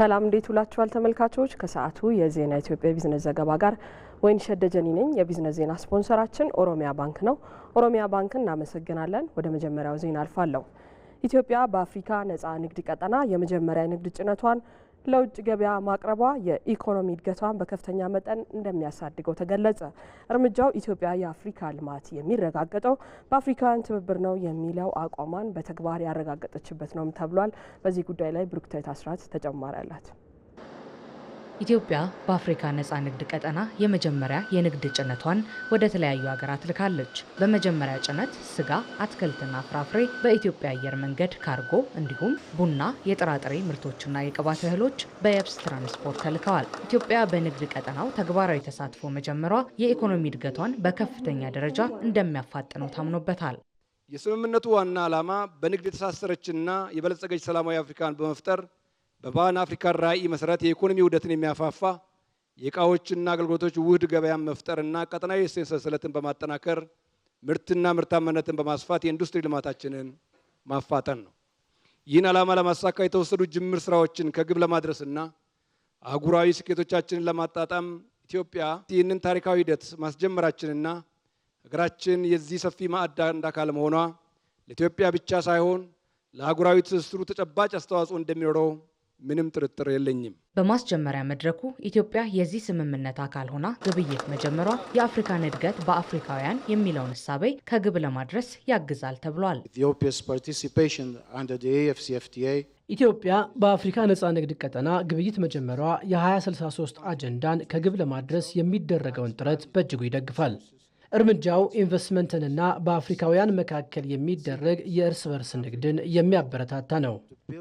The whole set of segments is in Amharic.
ሰላም እንዴት ውላችኋል ተመልካቾች። ከሰዓቱ የዜና ኢትዮጵያ ቢዝነስ ዘገባ ጋር ወይንሸት ደጀኔ ነኝ። የቢዝነስ ዜና ስፖንሰራችን ኦሮሚያ ባንክ ነው። ኦሮሚያ ባንክ እናመሰግናለን። ወደ መጀመሪያው ዜና አልፋለሁ። ኢትዮጵያ በአፍሪካ ነጻ ንግድ ቀጠና የመጀመሪያ ንግድ ጭነቷን ለውጭ ገበያ ማቅረቧ የኢኮኖሚ እድገቷን በከፍተኛ መጠን እንደሚያሳድገው ተገለጸ። እርምጃው ኢትዮጵያ የአፍሪካ ልማት የሚረጋገጠው በአፍሪካውያን ትብብር ነው የሚለው አቋሟን በተግባር ያረጋገጠችበት ነውም ተብሏል። በዚህ ጉዳይ ላይ ብሩክታዊት አስራት ተጨማሪ አላት። ኢትዮጵያ በአፍሪካ ነፃ ንግድ ቀጠና የመጀመሪያ የንግድ ጭነቷን ወደ ተለያዩ ሀገራት ልካለች። በመጀመሪያ ጭነት ስጋ፣ አትክልትና ፍራፍሬ፣ በኢትዮጵያ አየር መንገድ ካርጎ እንዲሁም ቡና፣ የጥራጥሬ ምርቶችና የቅባት እህሎች በየብስ ትራንስፖርት ተልከዋል። ኢትዮጵያ በንግድ ቀጠናው ተግባራዊ ተሳትፎ መጀመሯ የኢኮኖሚ እድገቷን በከፍተኛ ደረጃ እንደሚያፋጥነው ታምኖበታል። የስምምነቱ ዋና ዓላማ በንግድ የተሳሰረችና የበለጸገች ሰላማዊ አፍሪካን በመፍጠር በፓን አፍሪካ ራዕይ መሰረት የኢኮኖሚ ውህደትን የሚያፋፋ የእቃዎችና አገልግሎቶች ውህድ ገበያን መፍጠርና ቀጠናዊ ሰንሰለትን በማጠናከር ምርትና ምርታማነትን በማስፋት የኢንዱስትሪ ልማታችንን ማፋጠን ነው። ይህን ዓላማ ለማሳካ የተወሰዱ ጅምር ስራዎችን ከግብ ለማድረስና አህጉራዊ ስኬቶቻችንን ለማጣጣም ኢትዮጵያ ይህንን ታሪካዊ ሂደት ማስጀመራችንና ሀገራችን የዚህ ሰፊ ማዕድ አንድ አካል መሆኗ ለኢትዮጵያ ብቻ ሳይሆን ለአህጉራዊ ትስስሩ ተጨባጭ አስተዋጽኦ እንደሚኖረው ምንም ጥርጥር የለኝም። በማስጀመሪያ መድረኩ ኢትዮጵያ የዚህ ስምምነት አካል ሆና ግብይት መጀመሯ የአፍሪካን እድገት በአፍሪካውያን የሚለውን እሳቤ ከግብ ለማድረስ ያግዛል ተብሏል። ኢትዮጵያ በአፍሪካ ነፃ ንግድ ቀጠና ግብይት መጀመሯ የ2063 አጀንዳን ከግብ ለማድረስ የሚደረገውን ጥረት በእጅጉ ይደግፋል። እርምጃው ኢንቨስትመንትንና በአፍሪካውያን መካከል የሚደረግ የእርስ በርስ ንግድን የሚያበረታታ ነው።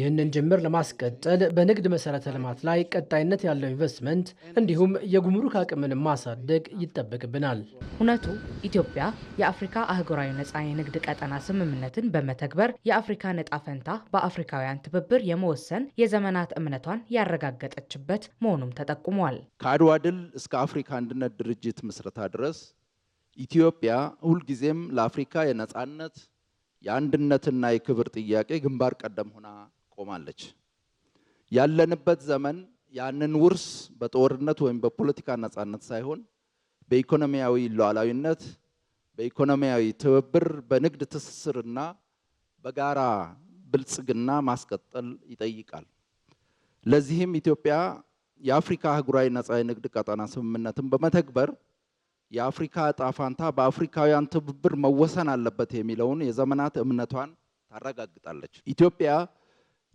ይህንን ጅምር ለማስቀጠል በንግድ መሰረተ ልማት ላይ ቀጣይነት ያለው ኢንቨስትመንት እንዲሁም የጉምሩክ አቅምን ማሳደግ ይጠበቅብናል። እውነቱ ኢትዮጵያ የአፍሪካ አህጉራዊ ነፃ የንግድ ቀጠና ስምምነትን በመተግበር የአፍሪካ ነጣ ፈንታ በአፍሪካውያን ትብብር የመወሰን የዘመናት እምነቷን ያረጋገጠችበት መሆኑም ተጠቁሟል። ከአድዋ ድል እስከ አፍሪካ አንድነት ድርጅት ምስረታ ድረስ ኢትዮጵያ ሁልጊዜም ለአፍሪካ የነፃነት የአንድነትና የክብር ጥያቄ ግንባር ቀደም ሆና ቆማለች። ያለንበት ዘመን ያንን ውርስ በጦርነት ወይም በፖለቲካ ነፃነት ሳይሆን በኢኮኖሚያዊ ሉዓላዊነት፣ በኢኮኖሚያዊ ትብብር፣ በንግድ ትስስርና በጋራ ብልጽግና ማስቀጠል ይጠይቃል። ለዚህም ኢትዮጵያ የአፍሪካ አህጉራዊ ነፃ የንግድ ቀጠና ስምምነትን በመተግበር የአፍሪካ ዕጣ ፋንታ በአፍሪካውያን ትብብር መወሰን አለበት የሚለውን የዘመናት እምነቷን ታረጋግጣለች። ኢትዮጵያ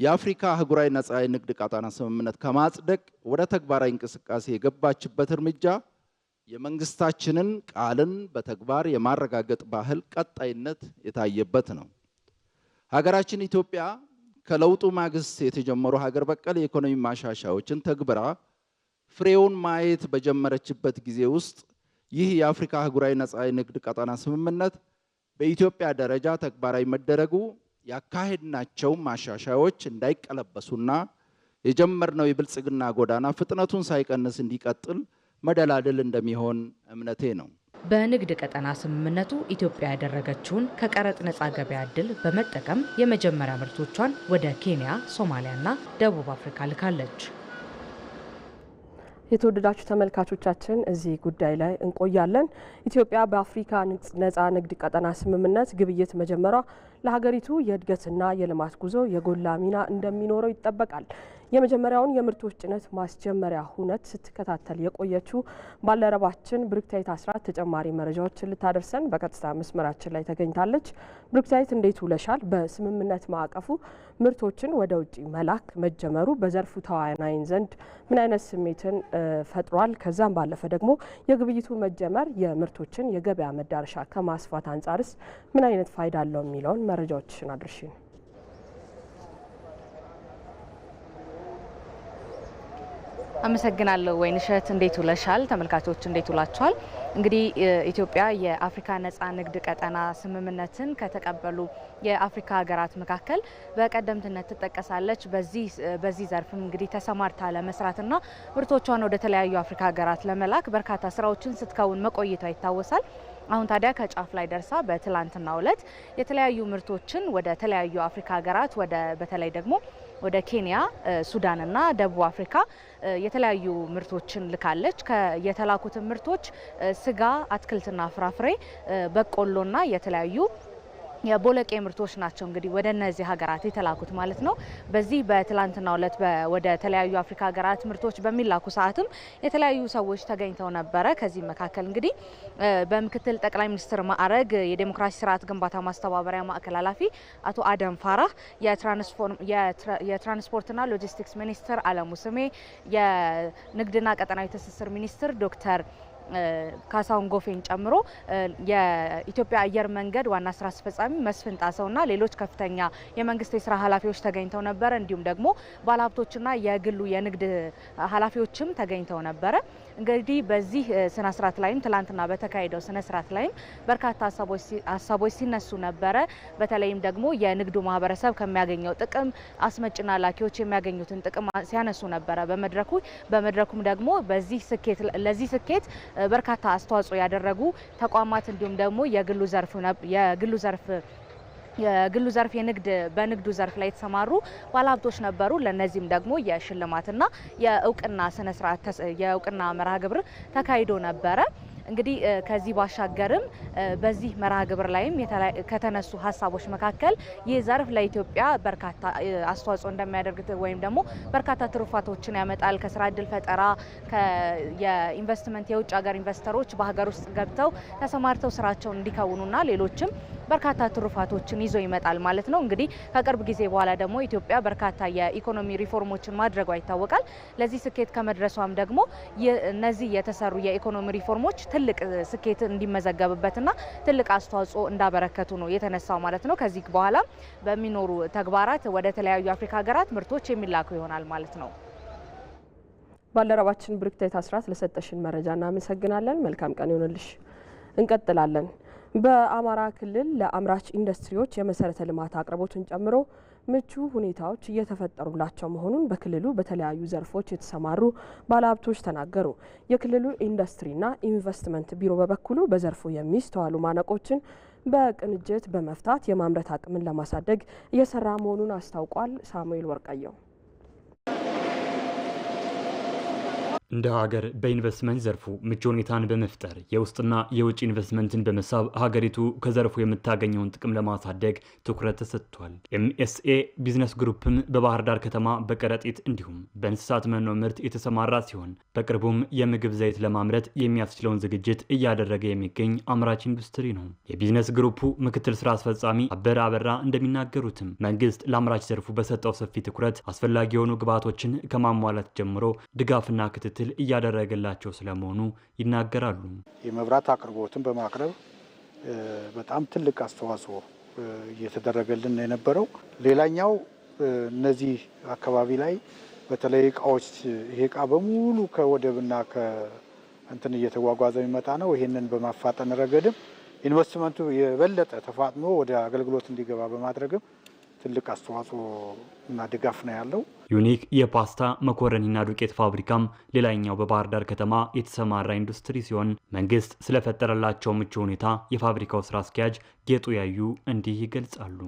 የአፍሪካ አህጉራዊ ነጻ የንግድ ቀጣና ስምምነት ከማጽደቅ ወደ ተግባራዊ እንቅስቃሴ የገባችበት እርምጃ የመንግስታችንን ቃልን በተግባር የማረጋገጥ ባህል ቀጣይነት የታየበት ነው። ሀገራችን ኢትዮጵያ ከለውጡ ማግስት የተጀመሩ ሀገር በቀል የኢኮኖሚ ማሻሻያዎችን ተግብራ ፍሬውን ማየት በጀመረችበት ጊዜ ውስጥ ይህ የአፍሪካ አህጉራዊ ነጻ የንግድ ቀጠና ስምምነት በኢትዮጵያ ደረጃ ተግባራዊ መደረጉ ያካሄድናቸው ማሻሻያዎች እንዳይቀለበሱና የጀመርነው የብልጽግና ጎዳና ፍጥነቱን ሳይቀንስ እንዲቀጥል መደላደል እንደሚሆን እምነቴ ነው። በንግድ ቀጠና ስምምነቱ ኢትዮጵያ ያደረገችውን ከቀረጥ ነጻ ገበያ እድል በመጠቀም የመጀመሪያ ምርቶቿን ወደ ኬንያ፣ ሶማሊያና ደቡብ አፍሪካ ልካለች። የተወደዳችሁ ተመልካቾቻችን እዚህ ጉዳይ ላይ እንቆያለን። ኢትዮጵያ በአፍሪካ ነጻ ንግድ ቀጠና ስምምነት ግብይት መጀመሯ ለሀገሪቱ የእድገትና የልማት ጉዞ የጎላ ሚና እንደሚኖረው ይጠበቃል። የመጀመሪያውን የምርቶች ጭነት ማስጀመሪያ ሁነት ስትከታተል የቆየችው ባልደረባችን ብሩክታይት አስራት ተጨማሪ መረጃዎችን ልታደርሰን በቀጥታ መስመራችን ላይ ተገኝታለች። ብሩክታይት እንዴት ውለሻል? በስምምነት ማዕቀፉ ምርቶችን ወደ ውጭ መላክ መጀመሩ በዘርፉ ተዋናይን ዘንድ ምን አይነት ስሜትን ፈጥሯል? ከዛም ባለፈ ደግሞ የግብይቱ መጀመር የምርቶችን የገበያ መዳረሻ ከማስፋት አንጻርስ ምን አይነት ፋይዳ አለው የሚለውን መረጃዎች አድርሽን። አመሰግናለሁ ወይን እንዴት ውለሻል? ተመልካቾች እንዴት ውላችኋል? እንግዲህ ኢትዮጵያ የአፍሪካ ነጻ ንግድ ቀጠና ስምምነትን ከተቀበሉ የአፍሪካ ሀገራት መካከል በቀደምትነት ትጠቀሳለች። በዚህ ዘርፍም እንግዲህ ተሰማርታ ለመስራትና ምርቶቿን ወደ ተለያዩ አፍሪካ ሀገራት ለመላክ በርካታ ስራዎችን ስትከውን መቆየቷ ይታወሳል። አሁን ታዲያ ከጫፍ ላይ ደርሳ በትላንትናው ዕለት የተለያዩ ምርቶችን ወደ ተለያዩ አፍሪካ ሀገራት ወደ በተለይ ደግሞ ወደ ኬንያ፣ ሱዳንና ደቡብ አፍሪካ የተለያዩ ምርቶችን ልካለች። የተላኩትን ምርቶች ስጋ፣ አትክልትና ፍራፍሬ፣ በቆሎና የተለያዩ የቦለቄ ምርቶች ናቸው እንግዲህ ወደ እነዚህ ሀገራት የተላኩት ማለት ነው። በዚህ በትላንትናው ዕለት ወደ ተለያዩ አፍሪካ ሀገራት ምርቶች በሚላኩ ሰዓትም የተለያዩ ሰዎች ተገኝተው ነበረ። ከዚህ መካከል እንግዲህ በምክትል ጠቅላይ ሚኒስትር ማዕረግ የዴሞክራሲ ስርዓት ግንባታ ማስተባበሪያ ማዕከል ኃላፊ አቶ አደም ፋራህ፣ የትራንስፖርትና ሎጂስቲክስ ሚኒስትር አለሙ ስሜ፣ የንግድና ቀጠናዊ ትስስር ሚኒስትር ዶክተር ካሳሁን ጎፌን ጨምሮ የኢትዮጵያ አየር መንገድ ዋና ስራ አስፈጻሚ መስፍን ጣሰውና ሌሎች ከፍተኛ የመንግስት የስራ ኃላፊዎች ተገኝተው ነበረ። እንዲሁም ደግሞ ባለሀብቶችና የግሉ የንግድ ኃላፊዎችም ተገኝተው ነበረ። እንግዲህ በዚህ ስነ ስርዓት ላይም ትላንትና በተካሄደው ስነ ስርዓት ላይም በርካታ ሀሳቦች ሲነሱ ነበረ። በተለይም ደግሞ የንግዱ ማህበረሰብ ከሚያገኘው ጥቅም አስመጭና ላኪዎች የሚያገኙትን ጥቅም ሲያነሱ ነበረ በመድረኩ በመድረኩም ደግሞ በዚህ ስኬት ለዚህ ስኬት በርካታ አስተዋጽኦ ያደረጉ ተቋማት እንዲሁም ደግሞ የግሉ ዘርፍ የግሉ ዘርፍ የግሉ ዘርፍ የንግድ በንግዱ ዘርፍ ላይ የተሰማሩ ባለሀብቶች ነበሩ። ለነዚህም ደግሞ የሽልማትና የእውቅና ስነስርዓት የእውቅና መርሃ ግብር ተካሂዶ ነበረ። እንግዲህ ከዚህ ባሻገርም በዚህ መርሃ ግብር ላይም ከተነሱ ሀሳቦች መካከል ይህ ዘርፍ ለኢትዮጵያ በርካታ አስተዋጽኦ እንደሚያደርግ ወይም ደግሞ በርካታ ትሩፋቶችን ያመጣል፣ ከስራ እድል ፈጠራ፣ የኢንቨስትመንት የውጭ ሀገር ኢንቨስተሮች በሀገር ውስጥ ገብተው ተሰማርተው ስራቸውን እንዲከውኑና ሌሎችም በርካታ ትሩፋቶችን ይዞ ይመጣል ማለት ነው። እንግዲህ ከቅርብ ጊዜ በኋላ ደግሞ ኢትዮጵያ በርካታ የኢኮኖሚ ሪፎርሞችን ማድረጓ ይታወቃል። ለዚህ ስኬት ከመድረሷም ደግሞ እነዚህ የተሰሩ የኢኮኖሚ ሪፎርሞች ትልቅ ስኬት እንዲመዘገብበትና ትልቅ አስተዋጽኦ እንዳበረከቱ ነው የተነሳው ማለት ነው። ከዚህ በኋላ በሚኖሩ ተግባራት ወደ ተለያዩ የአፍሪካ ሀገራት ምርቶች የሚላኩ ይሆናል ማለት ነው። ባልደረባችን ብሩክታይት አስራት ለሰጠሽን መረጃ እናመሰግናለን። መልካም ቀን ይሆንልሽ። እንቀጥላለን። በአማራ ክልል ለአምራች ኢንዱስትሪዎች የመሰረተ ልማት አቅርቦትን ጨምሮ ምቹ ሁኔታዎች እየተፈጠሩላቸው መሆኑን በክልሉ በተለያዩ ዘርፎች የተሰማሩ ባለሀብቶች ተናገሩ። የክልሉ ኢንዱስትሪና ኢንቨስትመንት ቢሮ በበኩሉ በዘርፉ የሚስተዋሉ ማነቆችን በቅንጅት በመፍታት የማምረት አቅምን ለማሳደግ እየሰራ መሆኑን አስታውቋል። ሳሙኤል ወርቀየው። እንደ ሀገር በኢንቨስትመንት ዘርፉ ምቹ ሁኔታን በመፍጠር የውስጥና የውጭ ኢንቨስትመንትን በመሳብ ሀገሪቱ ከዘርፉ የምታገኘውን ጥቅም ለማሳደግ ትኩረት ተሰጥቷል። ኤምኤስኤ ቢዝነስ ግሩፕም በባህር ዳር ከተማ በከረጢት እንዲሁም በእንስሳት መኖ ምርት የተሰማራ ሲሆን በቅርቡም የምግብ ዘይት ለማምረት የሚያስችለውን ዝግጅት እያደረገ የሚገኝ አምራች ኢንዱስትሪ ነው። የቢዝነስ ግሩፑ ምክትል ስራ አስፈጻሚ አበረ አበራ እንደሚናገሩትም መንግስት ለአምራች ዘርፉ በሰጠው ሰፊ ትኩረት አስፈላጊ የሆኑ ግብዓቶችን ከማሟላት ጀምሮ ድጋፍና ክትትል ክትትል እያደረገላቸው ስለመሆኑ ይናገራሉ። የመብራት አቅርቦትን በማቅረብ በጣም ትልቅ አስተዋጽኦ እየተደረገልን ነው የነበረው። ሌላኛው እነዚህ አካባቢ ላይ በተለይ እቃዎች ይሄ እቃ በሙሉ ከወደብና ከእንትን እየተጓጓዘ የሚመጣ ነው። ይሄንን በማፋጠን ረገድም ኢንቨስትመንቱ የበለጠ ተፋጥኖ ወደ አገልግሎት እንዲገባ በማድረግም ትልቅ አስተዋጽኦ እና ድጋፍ ነው ያለው። ዩኒክ የፓስታ መኮረኒና ዱቄት ፋብሪካም ሌላኛው በባህር ዳር ከተማ የተሰማራ ኢንዱስትሪ ሲሆን መንግስት ስለፈጠረላቸው ምቹ ሁኔታ የፋብሪካው ስራ አስኪያጅ ጌጡ ያዩ እንዲህ ይገልጻሉ።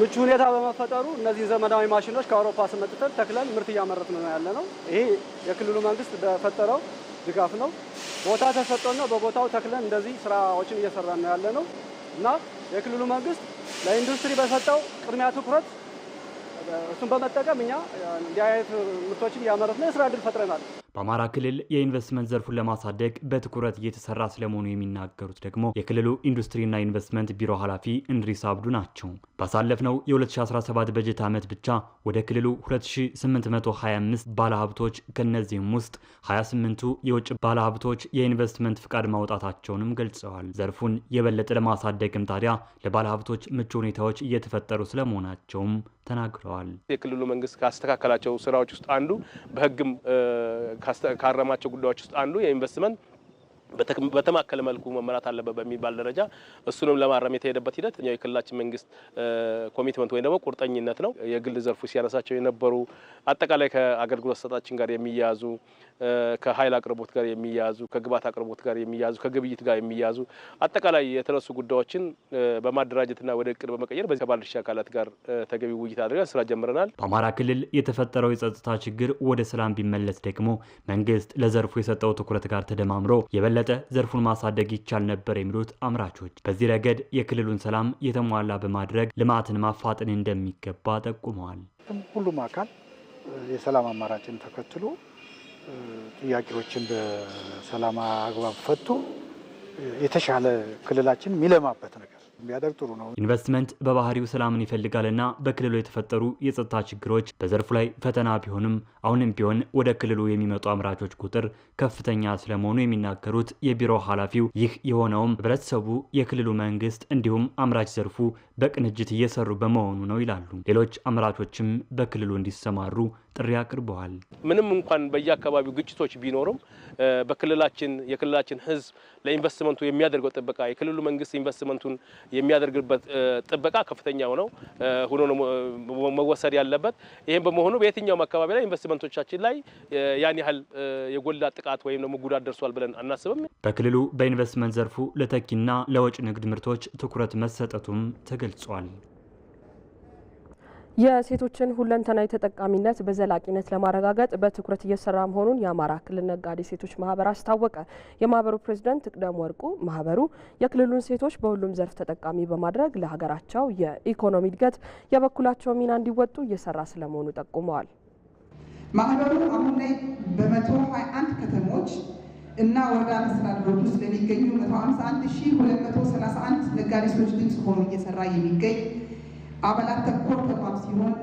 ምቹ ሁኔታ በመፈጠሩ እነዚህ ዘመናዊ ማሽኖች ከአውሮፓ ስመጥተን ተክለን ምርት እያመረት ነው ያለ ነው። ይሄ የክልሉ መንግስት በፈጠረው ድጋፍ ነው። ቦታ ተሰጥቶና በቦታው ተክለን እንደዚህ ስራዎችን እየሰራ ነው ያለ ነው። እና የክልሉ መንግስት ለኢንዱስትሪ በሰጠው ቅድሚያ ትኩረት እሱን በመጠቀም እኛ እንዲህ አይነት ምርቶችን እያመረትን የስራ እድል ፈጥረናል። በአማራ ክልል የኢንቨስትመንት ዘርፉን ለማሳደግ በትኩረት እየተሰራ ስለመሆኑ የሚናገሩት ደግሞ የክልሉ ኢንዱስትሪና ኢንቨስትመንት ቢሮ ኃላፊ እንድሪስ አብዱ ናቸው። ባሳለፍነው የ2017 በጀት ዓመት ብቻ ወደ ክልሉ 2825 ባለሀብቶች ከእነዚህም ውስጥ 28ቱ የውጭ ባለሀብቶች የኢንቨስትመንት ፍቃድ ማውጣታቸውንም ገልጸዋል። ዘርፉን የበለጠ ለማሳደግም ታዲያ ለባለሀብቶች ምቹ ሁኔታዎች እየተፈጠሩ ስለመሆናቸውም ተናግረዋል። የክልሉ መንግስት ካስተካከላቸው ስራዎች ውስጥ አንዱ በህግም ካረማቸው ጉዳዮች ውስጥ አንዱ የኢንቨስትመንት በተማከለ መልኩ መመራት አለበት በሚባል ደረጃ እሱንም ለማረም የተሄደበት ሂደት እኛው የክልላችን መንግስት ኮሚትመንት ወይም ደግሞ ቁርጠኝነት ነው። የግል ዘርፉ ሲያነሳቸው የነበሩ አጠቃላይ ከአገልግሎት ሰጣችን ጋር የሚያያዙ ከኃይል አቅርቦት ጋር የሚያያዙ ከግባት አቅርቦት ጋር የሚያያዙ ከግብይት ጋር የሚያያዙ አጠቃላይ የተነሱ ጉዳዮችን በማደራጀትና ወደ እቅድ በመቀየር በዚህ ከባለድርሻ አካላት ጋር ተገቢ ውይይት አድርገን ስራ ጀምረናል። በአማራ ክልል የተፈጠረው የጸጥታ ችግር ወደ ሰላም ቢመለስ ደግሞ መንግስት ለዘርፉ የሰጠው ትኩረት ጋር ተደማምሮ የበለጠ ዘርፉን ማሳደግ ይቻል ነበር የሚሉት አምራቾች በዚህ ረገድ የክልሉን ሰላም የተሟላ በማድረግ ልማትን ማፋጠን እንደሚገባ ጠቁመዋል። ሁሉም አካል የሰላም አማራጭን ተከትሎ ጥያቄዎችን በሰላም አግባብ ፈቶ የተሻለ ክልላችን የሚለማበት ነገር ቢያደርግ ጥሩ ነው። ኢንቨስትመንት በባህሪው ሰላምን ይፈልጋልና በክልሉ የተፈጠሩ የጸጥታ ችግሮች በዘርፉ ላይ ፈተና ቢሆንም አሁንም ቢሆን ወደ ክልሉ የሚመጡ አምራቾች ቁጥር ከፍተኛ ስለመሆኑ የሚናገሩት የቢሮ ኃላፊው፣ ይህ የሆነውም ህብረተሰቡ፣ የክልሉ መንግስት እንዲሁም አምራች ዘርፉ በቅንጅት እየሰሩ በመሆኑ ነው ይላሉ። ሌሎች አምራቾችም በክልሉ እንዲሰማሩ ጥሪ አቅርበዋል። ምንም እንኳን በየአካባቢው ግጭቶች ቢኖሩም በክልላችን የክልላችን ሕዝብ ለኢንቨስትመንቱ የሚያደርገው ጥበቃ የክልሉ መንግስት ኢንቨስትመንቱን የሚያደርግበት ጥበቃ ከፍተኛው ነው ሆኖ ነው መወሰድ ያለበት። ይህም በመሆኑ በየትኛውም አካባቢ ላይ ኢንቨስትመንቶቻችን ላይ ያን ያህል የጎላ ጥቃት ወይም ደግሞ ጉዳት ደርሷል ብለን አናስብም። በክልሉ በኢንቨስትመንት ዘርፉ ለተኪና ለወጭ ንግድ ምርቶች ትኩረት መሰጠቱም ተገል ገልጿል። የሴቶችን ሁለንተናዊ ተጠቃሚነት በዘላቂነት ለማረጋገጥ በትኩረት እየሰራ መሆኑን የአማራ ክልል ነጋዴ ሴቶች ማህበር አስታወቀ። የማህበሩ ፕሬዚዳንት ትቅደም ወርቁ ማህበሩ የክልሉን ሴቶች በሁሉም ዘርፍ ተጠቃሚ በማድረግ ለሀገራቸው የኢኮኖሚ እድገት የበኩላቸው ሚና እንዲወጡ እየሰራ ስለመሆኑ ጠቁመዋል። ማህበሩ አሁን ላይ በመቶ 21 ከተሞች እና ወረዳ መስተዳድሮች ውስጥ ለሚገኙ 151231 ነጋዴ ሴቶች ድምፅ ሆኖ እየሰራ የሚገኝ አባላት ተኮር ተቋም ሲሆን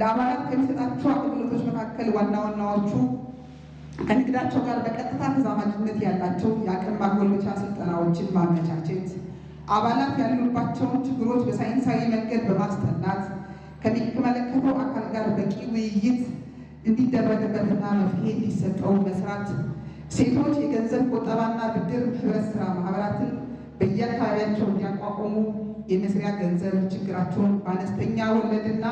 ለአባላት ከሚሰጣቸው አገልግሎቶች መካከል ዋና ዋናዎቹ ከንግዳቸው ጋር በቀጥታ ተዛማጅነት ያላቸው የአቅም ማጎልበቻ ስልጠናዎችን ማመቻቸት፣ አባላት ያሉባቸውን ችግሮች በሳይንሳዊ መንገድ በማስጠናት ከሚመለከተው አካል ጋር በቂ ውይይት እንዲደረግበትና መፍትሄ እንዲሰጠው መስራት ሴቶች የገንዘብ ቆጠባና ብድር ህብረት ስራ ማህበራትን በየአካባቢያቸው እንዲያቋቁሙ የመስሪያ ገንዘብ ችግራቸውን በአነስተኛ ወለድና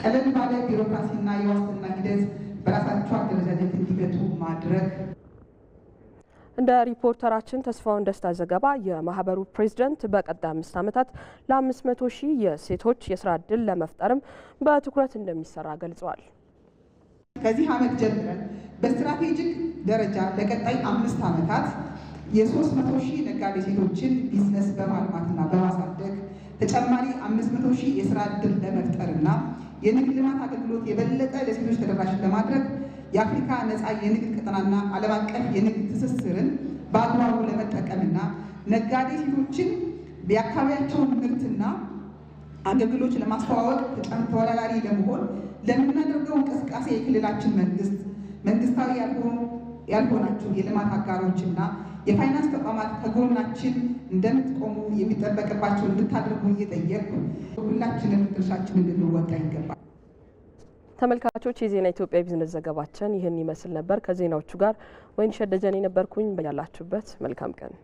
ቀለል ባለ ቢሮክራሲና የዋስትና ሂደት በራሳቸው አደረጃጀት እንዲገቱ ማድረግ። እንደ ሪፖርተራችን ተስፋውን ደስታ ዘገባ የማህበሩ ፕሬዚደንት በቀጣይ አምስት ዓመታት ለአምስት መቶ ሺህ የሴቶች የስራ እድል ለመፍጠርም በትኩረት እንደሚሰራ ገልጸዋል። ከዚህ ዓመት ጀምረን በስትራቴጂክ ደረጃ ለቀጣይ አምስት ዓመታት የሶስት መቶ ሺህ ነጋዴ ሴቶችን ቢዝነስ በማልማትና በማሳደግ ተጨማሪ አምስት መቶ ሺህ የስራ ዕድል ለመፍጠርና የንግድ ልማት አገልግሎት የበለጠ ለሴቶች ተደራሽ ለማድረግ የአፍሪካ ነፃ የንግድ ቀጠናና ዓለም አቀፍ የንግድ ትስስርን በአግባቡ ለመጠቀምና ነጋዴ ሴቶችን የአካባቢያቸውን ምርትና አገልግሎች ለማስተዋወቅ ተወዳዳሪ ለመሆን ለምናደርገው እንቅስቃሴ የክልላችን መንግስት መንግስታዊ ያልሆኑ ያልሆናችሁ የልማት አጋሮችና የፋይናንስ ተቋማት ከጎናችን እንደምትቆሙ የሚጠበቅባቸው እንድታደርጉ እየጠየቁ ሁላችንም ድርሻችን እንድንወጣ ይገባል። ተመልካቾች፣ የዜና ኢትዮጵያ ቢዝነስ ዘገባችን ይህን ይመስል ነበር። ከዜናዎቹ ጋር ወይን ሸደጀን የነበርኩኝ። ያላችሁበት መልካም ቀን